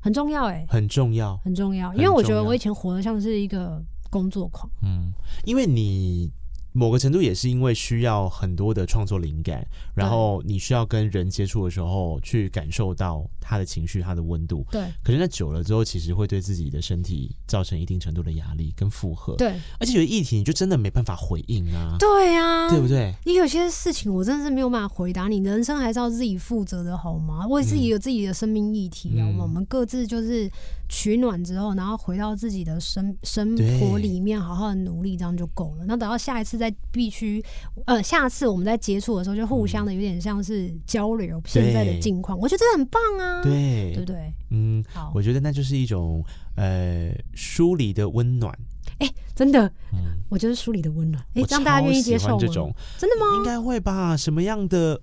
很重要哎、欸，很重要，很重要，因為我覺得我以前活得像是一個。工作狂，嗯，因為你。某個程度也是因為需要很多的創作靈感，對然後你需要跟人接觸的時候，去感受到他的情緒、他的溫度。對。可是那久了之後，其實會對自己的身體造成一定程度的壓力跟負荷。對。而且有的議題，你就真的沒辦法回應啊。對呀、啊。對不對？你有些事情，我真的是沒有辦法回答你。你人生還是要自己負責的，好嗎？我自己有自己的生命議題啊，嗯、我們各自就是取暖之後，然後回到自己的生生活裡面，好好的努力，這樣就夠了。對那等到下一次。在必須，呃，下次我們在接觸的時候，就互相的有點像是交流現在的近況，對我覺得真的很棒啊，對，對不對？嗯，好，我覺得那就是一種呃疏離的溫暖，哎、欸，真的，嗯、我就是疏離的溫暖，哎、欸，讓大家願意接受這種，真的嗎？應該會吧，什麼樣的？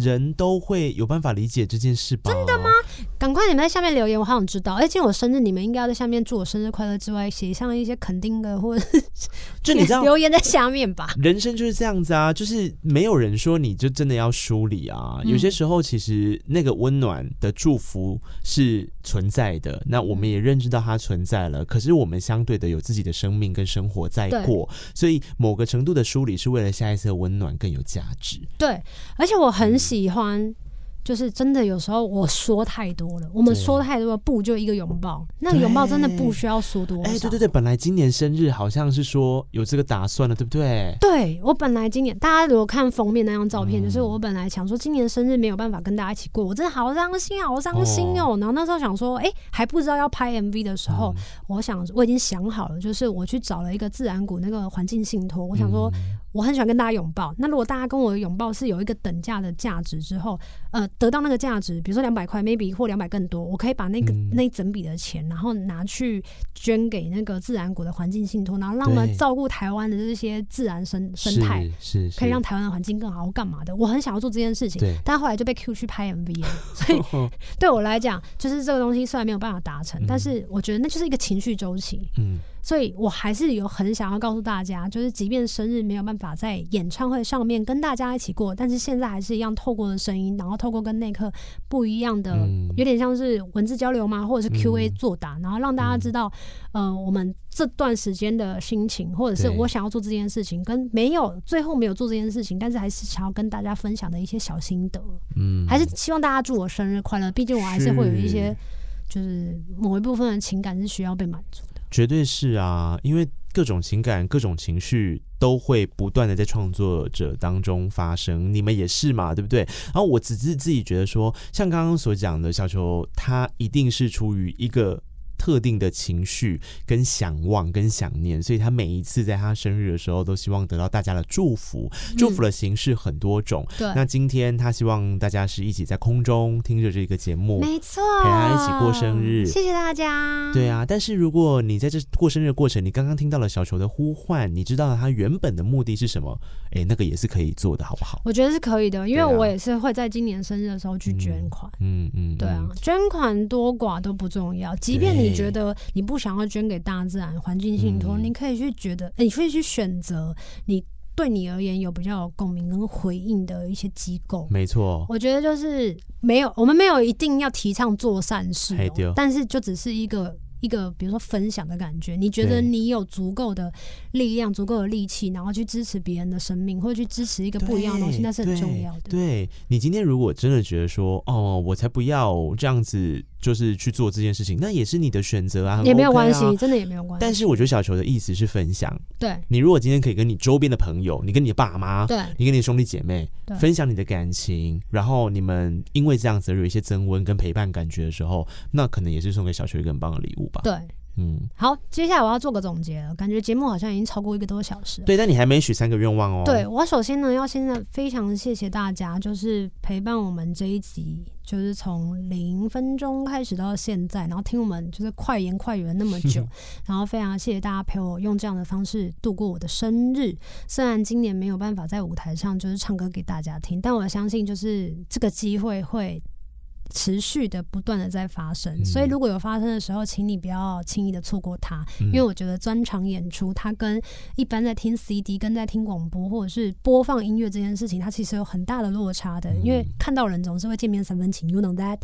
人都會有辦法理解這件事吧？真的嗎？趕快你們在下面留言，我好想知道。而且我生日，你們應該要在下面祝我生日快樂之外，寫上一些肯定的，或者就你知道留言在下面吧。人生就是這樣子啊，就是沒有人說你就真的要梳理啊。有些時候，其實那個溫暖的祝福是。存在的，那我們，也認知到它存在了。可是我們相對的有自己的生命跟生活在過，對所以某個程度的梳理是為了下一次的溫暖更有價值。對，而且我很喜歡。嗯就是真的，有時候我說太多了，我們說太多，不就一個擁抱？那個擁抱真的不需要說多。哎，欸、對對對，本來今年生日好像是說有這個打算了，對不對？對，我本來今年大家如果看封面那張照片，嗯、就是我本來想說今年生日沒有辦法跟大家一起過，我真的好傷心啊，好傷心哦、喔。然後那時候想說，哎、欸，還不知道要拍 MV 的時候，嗯、我想我已經想好了，就是我去找了一個自然谷那個環境信托，我想說。嗯我很喜歡跟大家擁抱。那如果大家跟我擁抱是有一個等價的價值之後，呃，得到那個價值，比如說兩百塊，maybe 或兩百更多，我可以把那個、嗯、那一整筆的錢，然後拿去捐給那個自然股的環境信托，然後讓我們照顧台灣的這些自然生對生態態，是，是可以讓台灣的環境更好，或幹嘛的。我很想要做這件事情，對但後來就被 Q 去拍 MV 了。所以 對我來講，就是這個東西雖然沒有辦法達成，嗯、但是我覺得那就是一個情緒週期。嗯。所以我還是有很想要告訴大家，就是即便生日沒有辦法在演唱會上面跟大家一起過，但是現在還是一樣，透過的聲音，然後透過跟內克不一樣的，嗯、有點像是文字交流嘛，或者是 Q A 作答，嗯、然後讓大家知道，嗯、呃，我們這段時間的心情，或者是我想要做這件事情，對跟沒有最後沒有做這件事情，但是還是想要跟大家分享的一些小心得，嗯，還是希望大家祝我生日快樂，畢竟我還是會有一些，是就是某一部分的情感是需要被滿足的絕對是啊，因為各種情感、各種情緒都會不斷的在創作者當中發生，你們也是嘛，對不對？然後我只是自，自己覺得說，像剛剛所講的小，小球他一定是出於一個特定的情緒跟想望跟想念，所以他每一次在他生日的時候，都希望得到大家的祝福。嗯、祝福的形式很多種，對。那今天他希望大家是一起在空中聽着這個節目，沒錯，陪他一起過生日。謝謝大家。對啊，但是如果你在這過生日的過程，你剛剛聽到了小球的呼喚，你知道他原本的目的是什麼？哎、欸，那個也是可以做的，好不好？我覺得是可以的，因為我也是會在今年生日的時候去捐款。嗯、啊、嗯，嗯嗯對啊，捐款多寡都不重要，即便你。你覺得你不想要捐給大自然環境信托，嗯、你可以去覺得，你可以去選擇你對你而言有比較有共鳴跟回應的一些機構。沒錯錯，我覺得就是沒有，我們沒有一定要提倡做善事，喔，但是就只是一個一個，比如說分享的感覺。你覺得你有足夠的力量，對足夠的力氣，然後去支持別人的生命，或者去支持一個不一樣的東西，那對是很重要的。對，對你今天如果真的覺得說，哦，我才不要這樣子。就是去做這件事情，那也是你的選擇啊，也沒有關係，OK 啊，真的也沒有關係。但是我覺得小球的意思是分享，對。你如果今天可以跟你周邊的朋友，你跟你爸媽，對，你跟你兄弟姐妹對分享你的感情，然後你們因為這樣子有一些增溫跟陪伴感覺的時候，那可能也是送給小球一個很棒的禮物吧。對。嗯，好，接下來我要做個總結了，感覺節目好像已經超過一個多小時了。對，但你還沒許三個願望哦。對，我首先呢，要現在非常謝謝大家，就是陪伴我們這一集，就是從零分鐘開始到現在，然後聽我們就是快言快語了那麼久， 然後非常謝謝大家陪我用這樣的方式度過我的生日。雖然今年沒有辦法在舞台上就是唱歌給大家聽，但我相信就是這個機會會。持續的、不斷的在發生，所以如果有發生的時候，請你不要輕易的錯過它，因為我覺得專場演出它跟一般在聽 CD、跟在聽廣播或者是播放音樂這件事情，它其實有很大的落差的，因為看到人總是會見面三分情，you know that。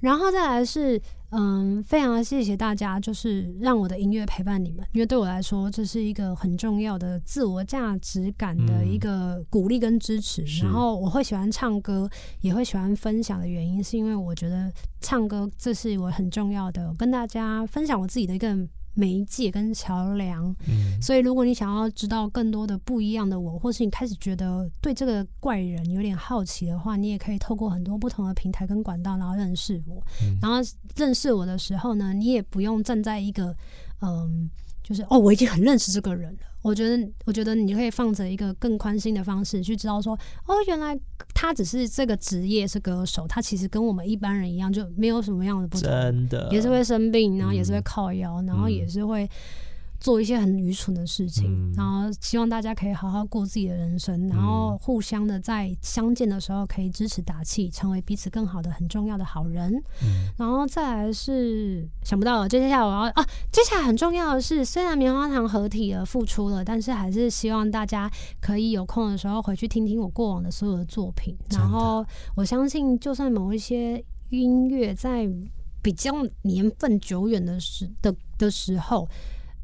然後再來是。嗯，非常謝謝大家，就是讓我的音樂陪伴你們，因為對我來說，這是一個很重要的自我價值感的一個鼓勵跟支持。嗯，然後，我會喜歡唱歌，也會喜歡分享的原因，是因為我覺得唱歌這是我很重要的。我跟大家分享我自己的一個。媒介跟橋樑，嗯、所以如果你想要知道更多的不一樣的我，或是你開始覺得對這個怪人有點好奇的話，你也可以透過很多不同的平台跟管道，然後認識我。嗯、然後認識我的時候呢，你也不用站在一個嗯。就是哦，我已經很認識這個人了。我覺得，我覺得你可以放着一個更寬心的方式去知道說，哦，原來他只是這個職業是歌手，他其實跟我們一般人一樣，就沒有什麼樣的不同，真的也是會生病，然後也是會靠腰，然後也是會。嗯嗯做一些很愚蠢的事情，嗯、然後希望大家可以好好過自己的人生，然後互相的在相見的時候可以支持打氣，成為彼此更好的很重要的好人。嗯、然後再來是想不到了，接下來我要啊，接下來很重要的是，雖然棉花糖合體了，復出了，但是還是希望大家可以有空的時候回去聽聽我過往的所有的作品。真的。然後我相信，就算某一些音樂在比較年份久遠的時的的時候，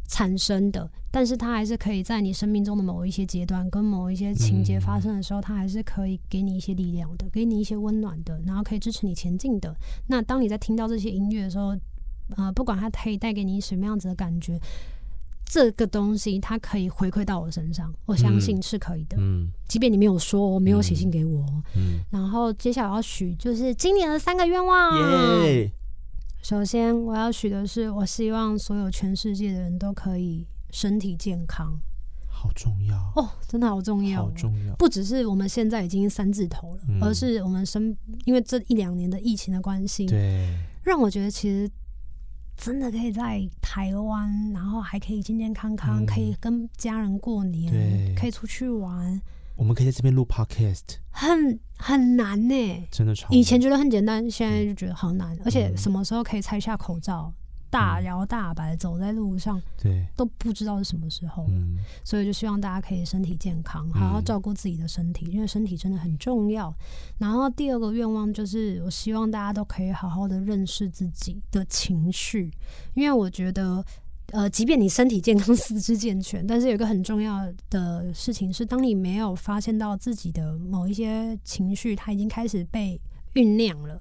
產生的，但是它還是可以在你生命中的某一些階段，跟某一些情節發生的時候，嗯，它還是可以給你一些力量的，給你一些溫暖的，然後可以支持你前進的。那當你在聽到這些音樂的時候，呃，不管它可以帶給你什麼樣子的感覺，這個東西它可以回饋到我身上，我相信是可以的。嗯，嗯，即便你沒有說，沒有寫信給我，嗯，嗯，然後接下來要許就是今年的三個願望。Yeah! 首先，我要許的是，我希望所有全世界的人都可以身體健康，好重要哦，oh, 真的好重要啊，好重要。不只是我們現在已經三字頭了，嗯，而是我們身，因為這一兩年的疫情的關係，對，讓我覺得其實真的可以在台灣，然後還可以健健康康，嗯，可以跟家人過年，對，可以出去玩。我們可以在這邊錄 Podcast，很很難呢、欸，真的超。以前覺得很簡單，現在就覺得好難。嗯、而且什麼時候可以拆下口罩，大搖大擺走在路上，對、嗯，都不知道是什麼時候。嗯、所以就希望大家可以身體健康，好好照顧自己的身體，嗯、因為身體真的很重要。然後第二個願望就是，我希望大家都可以好好的認識自己的情緒，因為我覺得。呃，即便你身體健康、四肢健全，但是有一個很重要的事情是，當你沒有發現到自己的某一些情緒，它已經開始被醞釀了，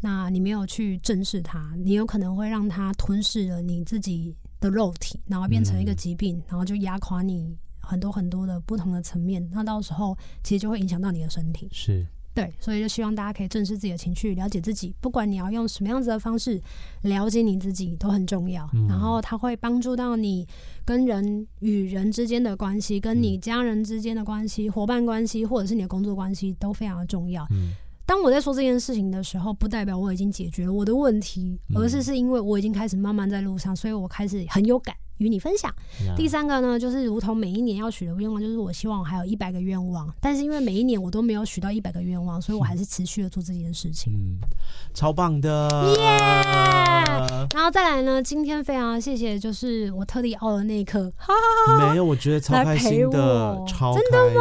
那你沒有去正視它，你有可能會讓它吞噬了你自己的肉體，然後變成一個疾病，嗯、然後就壓垮你很多很多的不同的層面。那到時候其實就會影響到你的身體。是。對，所以就希望大家可以正視自己的情緒，了解自己。不管你要用什麼樣子的方式了解你自己，都很重要。嗯、然後它會幫助到你跟人與人之間的關係、跟你家人之間的關係、夥伴關係，或者是你的工作關係，都非常的重要。嗯、當我在說這件事情的時候，不代表我已經解決了我的問題，而是是因為我已經開始慢慢在路上，所以我開始很有感。與你分享。嗯、第三個呢，就是如同每一年要許的願望，就是我希望我還有一百個願望，但是因為每一年我都沒有許到一百個願望，所以我還是持續的做這件事情。嗯，超棒的，耶！Yeah! 然後再來呢，今天非常謝謝，就是我特地熬的那一刻， 沒有，我覺得超開心的，超開心真的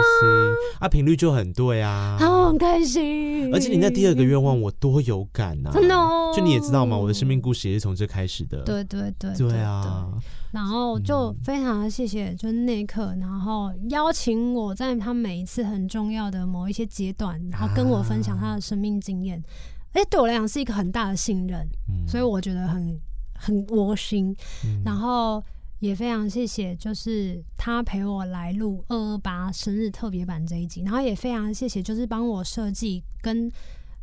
啊，頻率就很對啊，好開心，而且你那第二個願望我多有感啊，真的哦，就你也知道嘛，我的生命故事也是從這開始的，對對對，對啊，那。然後就非常謝謝，就是那一刻，嗯、然後邀請我在他每一次很重要的某一些階段，然後跟我分享他的生命經驗，哎、啊，而且對我來講是一個很大的信任，嗯、所以我覺得很很窩心、嗯，然後也非常謝謝，就是他陪我來錄二二八生日特別版這一集，然後也非常謝謝，就是幫我設計跟。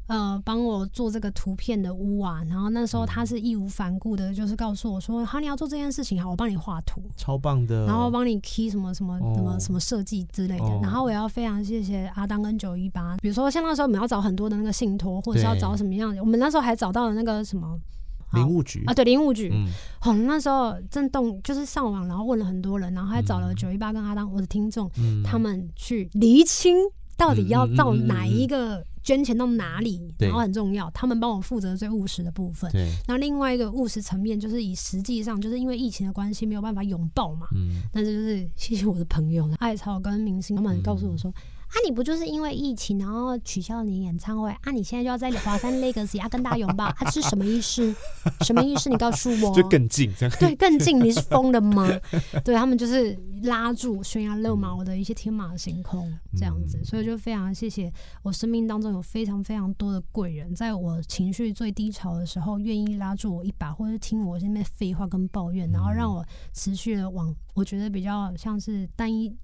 呃，幫我做這個圖片的屋啊，然後那時候他是義無反顧的，就是告訴我說：“嗯、哈，你要做這件事情，好，我幫你畫圖，超棒的。”然後幫你 key 什麼什麼什麼什麼設計之類的。哦、然後我也要非常謝謝阿當跟九一八。比如說像那時候我們要找很多的那個信托，或者是要找什麼樣子對我們那時候還找到了那個什麼林務局啊，啊，對林務局。嗯、哦，那時候震動就是上網，然後問了很多人，然後還找了九一八跟阿當我的聽眾，嗯、他們去釐清到底要到哪一個、嗯。嗯嗯嗯捐錢到哪裡，然後很重要，對他們幫我負責最務實的部分。那對另外一個務實層面，就是以實際上，就是因為疫情的關係，沒有辦法擁抱嘛。那、嗯、就是謝謝我的朋友艾草跟明星他們告訴我說，嗯啊！你不就是因為疫情，然後取消了你演唱會啊？你現在就要在華山 Legacy 阿、啊、跟大家擁抱，他、 啊、是什麼意思？什麼意思？你告訴我，就更近這樣，對，更近，你是瘋了嗎？ 對他們就是拉住懸崖勒馬我的一些天馬行空這樣子，嗯、所以就非常謝謝我生命當中有非常非常多的貴人，在我情緒最低潮的時候，願意拉住我一把，或者聽我這邊廢話跟抱怨，然後讓我持續的往我覺得比較像是單一。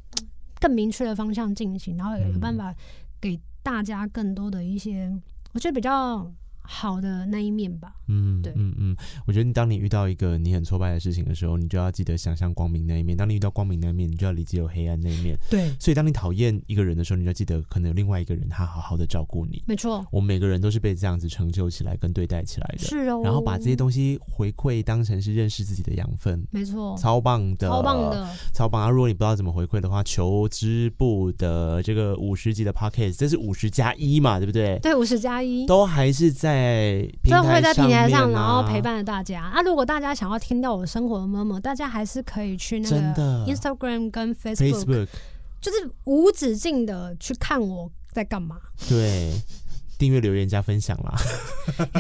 更明確的方向進行，然後也有辦法給大家更多的一些，我覺得比較好的那一面吧，嗯，對，嗯嗯，我覺得你當你遇到一個你很挫敗的事情的時候，你就要記得想象光明那一面。當你遇到光明那一面，你就要理解有黑暗那一面。對，所以當你討厭一個人的時候，你就要記得可能有另外一個人他好好的照顧你。沒錯，我們每個人都是被這樣子成就起來跟對待起來的，是哦。然後把這些東西回饋當成是認識自己的養分，沒錯，超棒的，超棒的，超棒啊，如果你不知道怎麼回饋的話，球之不得的這個五十集的 podcast，這是五十加一嘛，對不對？對，五十加一都還是在。在，會在平台上，然後陪伴着大家，啊啊。如果大家想要聽到我生活的 moment，大家還是可以去那個 Instagram 跟 book, Facebook，就是無止境的去看我在幹嘛。對。訂閱留言加分享啦，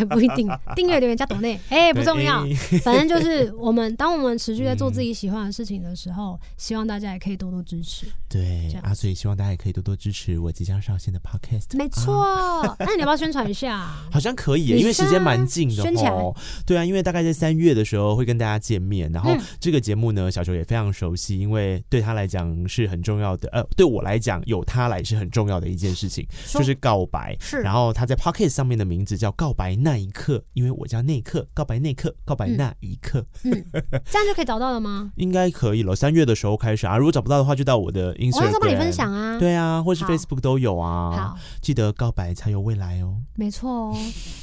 也不一定。訂閱留言加懂內，哎，不重要。反正就是我們，當我們持續在做自己喜歡的事情的時候，希望大家也可以多多支持。對，啊，所以希望大家也可以多多支持我即將上線的 Podcast。沒錯，那你要不要宣傳一下？好像可以，因為時間蠻近的哦。對啊，因為大概在三月的時候會跟大家見面，然後這個節目呢，小球也非常熟悉，因為對他來講是很重要的。呃，對我來講，有他來是很重要的一件事情，就是告白，是然後。哦，他在 Podcast 上面的名字叫“告白那一刻”，因為我叫內克，告白內克，告白那一刻，這樣就可以找到了嗎？ 應該可以了。三月的時候開始啊，如果找不到的話，就到我的 Instagram 幫你分享啊，對啊，或是 Facebook 都有啊。好，記得告白才有未來哦。沒錯哦，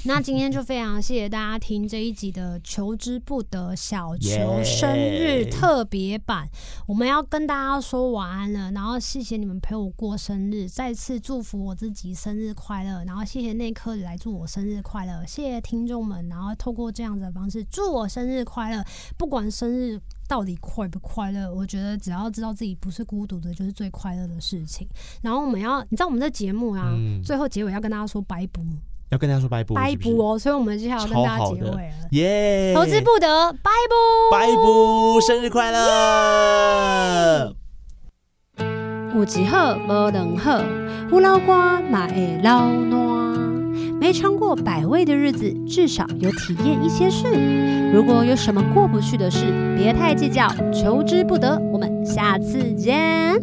那今天就非常謝謝大家聽這一集的球之不得小球 Yeah 生日特別版，我們要跟大家說晚安了，然後謝謝你們陪我過生日，再次祝福我自己生日快樂，然後。謝謝內克來祝我生日快樂，謝謝聽眾們，然後透過這樣子的方式祝我生日快樂。不管生日到底快不快樂，我覺得只要知道自己不是孤獨的，就是最快樂的事情。然後我們要，你知道我們的節目啊，嗯、最後結尾要跟大家說拜補，要跟大家說拜補，拜補哦。是是，所以我們是要跟大家結尾了，耶，yeah、球之不得拜補，拜補，生日快樂。Yeah 五級喝不能喝，無老瓜買老暖，沒嘗過百味的日子，至少有體驗一些事。如果有什麼過不去的事，別太計較，求之不得。我們下次見。